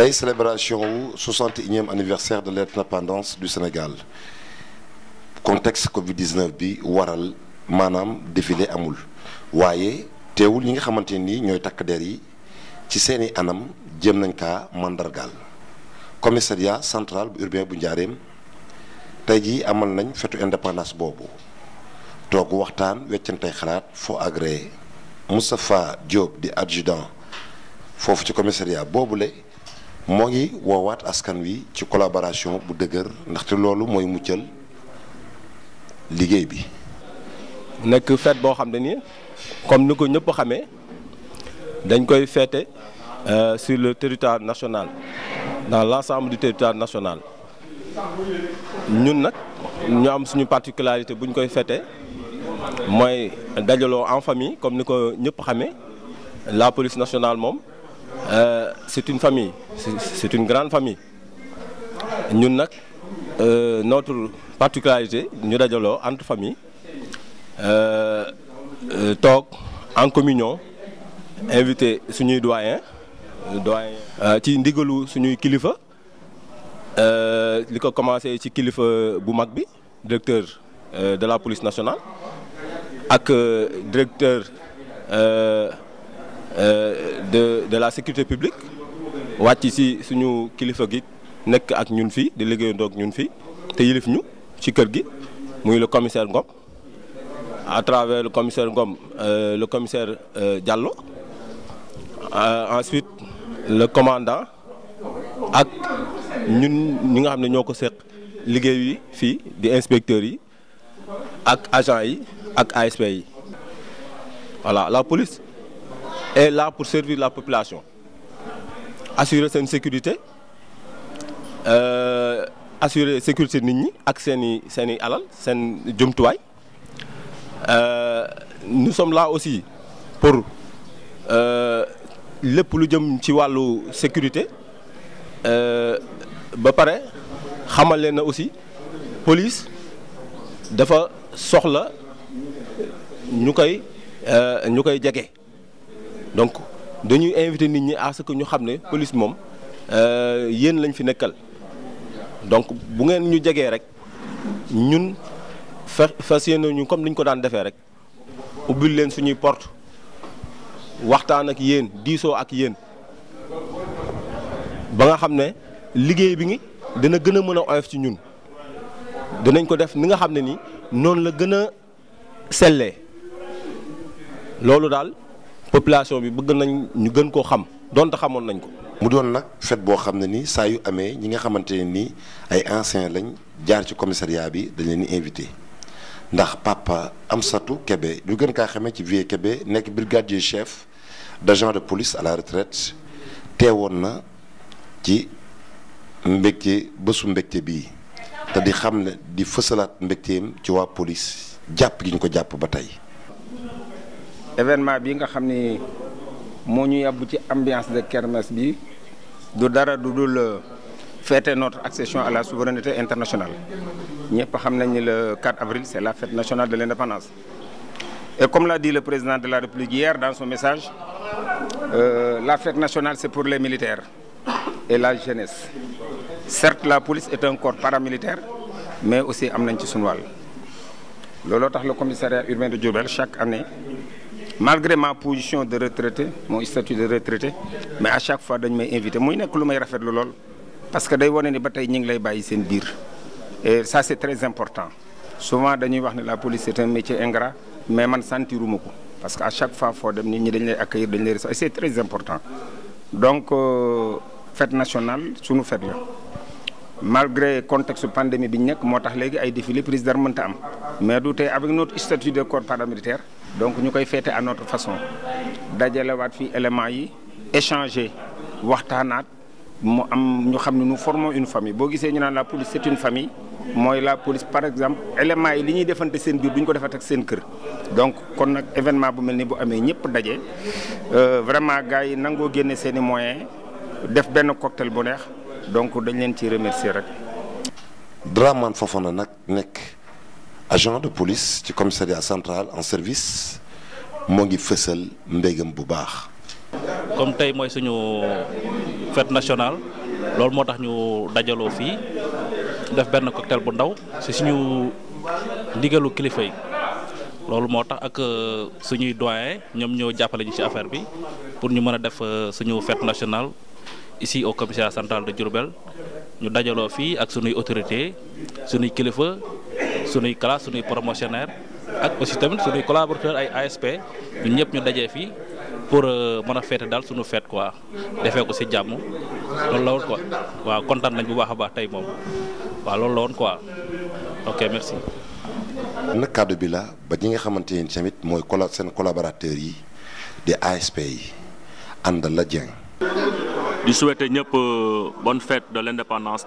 tey célébration wu 61e anniversaire de l'indépendance du Sénégal contexte Covid 19 bi waral maanaam défilé amul waaye teewul ñi nga xamante ni ñooy takk der yi ci seeni anam jëm nañ kaa mandargaal commissariat central bu urbain bu Njaareem tey jii amal nañ fetu indépendance boobu toog waxtaan weccantey xalaat foo agréé Moustapha Diop di adjudant foofu ci commissariat boobule. moo ngi woowaat askan wi ci collaboration bu dëgër ndaxte loolu mooy muccal liggéey bi. nekk fête boo xam ne nii comme ni ko ñëpp xamee dañ koy fêter euh, sur le territoire national dans l'ensemble du territoire national ñun nag ñu am suñu particularité buñ koy fêter mooy dajaloo en famille comme ni ko ñëpp xamee la police nationale moom. Euh, c'est une famille, c'est une grande famille ñun nag euh, notre particularité ñu dajaloo entre famille euh, euh, toog en communion invité suñuy doyen doyen ci ndigalu suñuy kilifa li ko commencé ci kilifa bu mag bi directeur de la police nationale ak directeur. Euh, de de la sécurité publique wàcc si suñu kilifa gi nekk ak ñun fii di liggéeyandoo ak ñun fii te yilif ñu ci kër gi muy le commissaire Ngom à travers le commissaire Ngom euh, le commissaire euh, Diallo euh, ensuite le commandant ak ñun ñi nga xam ne ñoo ko seq liggéey yi fii di inspecteurs yi ak agents yi ak ASP yi voilà la police est là pour servir la population assurer seen sécurité euh, assurer sécurité nit ñi ak seen i seen alal seen jumtuwaay euh, nous sommes aussi pour euh, lépp lu jëm ci wàllu sécurité euh, ba pare xamal leen na aussi police dafa soxla ñu koy ñu koy jege. donc dañuy invité nit ñi à ce que ñu xam ne police moom euh, yéen lañ fi nekkal donc bu ngeen ñu jegee rek ñun fa fas yéene ñu comme ni ko daan defee rek ubbil leen suñuy porte waxtaan ak yéen diisoo ak yéen ba nga xam ne liggéey bi ngi dina gën a mën a oyof ci ñun dinañ ko def ni nga xam ne ni noonu la gën a sellee loolu daal. population bi bëgg nañ ñu gën koo xam donte xamoon nañ ko. mu doon nag fête boo xam ne ni saa yu amee ñi nga xamante ne nii ay anciens lañ jaar ci commissariat bi dañ leen di invité ndax papa Amsatou kebe ñu gën kaa xamee ci vie kebe nekk brigadier chef d'agent de police à la retraite teewoon na ci mbégte bésu mbégte bi te di xam ne di fësalaat mbégteem ci waa police jàpp gi ñu ko jàpp ba tey. événement bi nga xam ni moo ñu yàbbu ci ambiance de kermesse bi du dara du dul euh, fêter notre accession à la souveraineté internationale ñëpp xam nañ ni le 4 avril c'est la fête nationale de l'indépendance et comme l'a dit le président de la République hier dans son message euh, la fête nationale c'est pour les militaires et la jeunesse certes la police est un corps paramilitaire mais aussi am nañ ci sunu looloo tax le commissariat urbain de Diourbel chaque année malgré ma position de retraité mon statut de retraité mais à chaque fois dañ may invité muy nekk lu may rafetlu lool parce que day wane ni ba tey ñu ngi lay bàyyi seen biir e ça c'est très important souvent dañuy wax ne la police c'est un métier ingrat mais man sentiruma ko parce que à chaque fois foo dem nit ñi dañ lay accueillir dañ lay recevoir et c'est très important donc euh, fête national sunu fête la malgré contexte pandémie bi ñu nekk moo tax léegi a défilé prise mais du tey avec notre statut de corps paramilitaire donc ñu koy féete à notre façon dajalewaat fii éléments yi échangé waxtaanaat mu am ñu xam ni nu formons une famille boo gisee ñu naan la police c'est une famille mooy la police par exemple éléments yi li ñuy defante seen biir duñ ko defat ak seen kër donc kon nag événement bu mel ni bu amee ñëpp daje euh, vraiment gars yi nangoo génne seen i moyens def benn cocktail bu neex donc dañ leen ci remercier rek Dramane Fofana nag nekk agent de police ci commissariat centrale en service moo ngi fësal mbégam bu baax. comme tey mooy suñu fête nationale loolu moo tax ñu dajaloo fii def benn cocktail bu ndaw si suñu ndigalu kilifa yi loolu moo tax ak euh, suñuy doyen ñoom ñoo jàppale ñu ci affaire bi pour ñu mën a def euh, suñu fête nationale ici au commissariat central de Diourbel ñu dajaloo fii ak suñuy autorité suñuy kilifa. sunuy classe sunuy promotionnaire ak aussi tamit sunuy collaborateur ay ASP ñun ñëpp ñu dajee fii pour euh, mën a feete daal sunu feet quoi defee ko si jàmm loolu la woon quoi waaw kontaan nañ bu baax a baax tey moom waaw loolu la woon quoi ok merci. na kàddu bi la ba ñi nga xamante ne tamit mooy colla seen collaborateurs yi di ASP yi àndal la Dieng. di souhaiter ñëpp euh, bonne fête de l' indépendance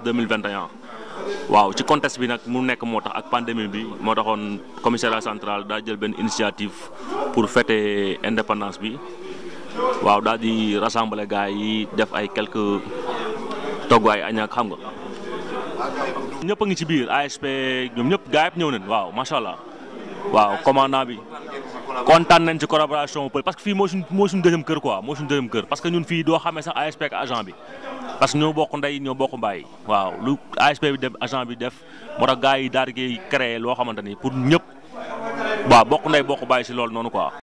waaw ci contexte bi nag mu nekk moo tax ak pandémie bi moo taxoon commissariat central daa jël benn initiative pour fêter indépendance bi waaw daal di rassembler gars yi def ay quelques togg ay añ ak xam nga. ñëpp a ngi ci biir ASP ñoom ñëpp gars yëpp ñëw nañ waaw macha allah waaw commandant bi kontaan nañ ci collaboration parce que fii moo suñ moo suñ deuxième kër parce que ñun fii doo xamee sax ASP ak agent bi. parce que ñoo bokk ndey ñoo bokk mbaay waaw lu ASP bi def agent bi def moo tax gars yi daar di koy créé loo xamante ni pour ñëpp waaw bokk ndey bokk mbaay si loolu noonu quoi.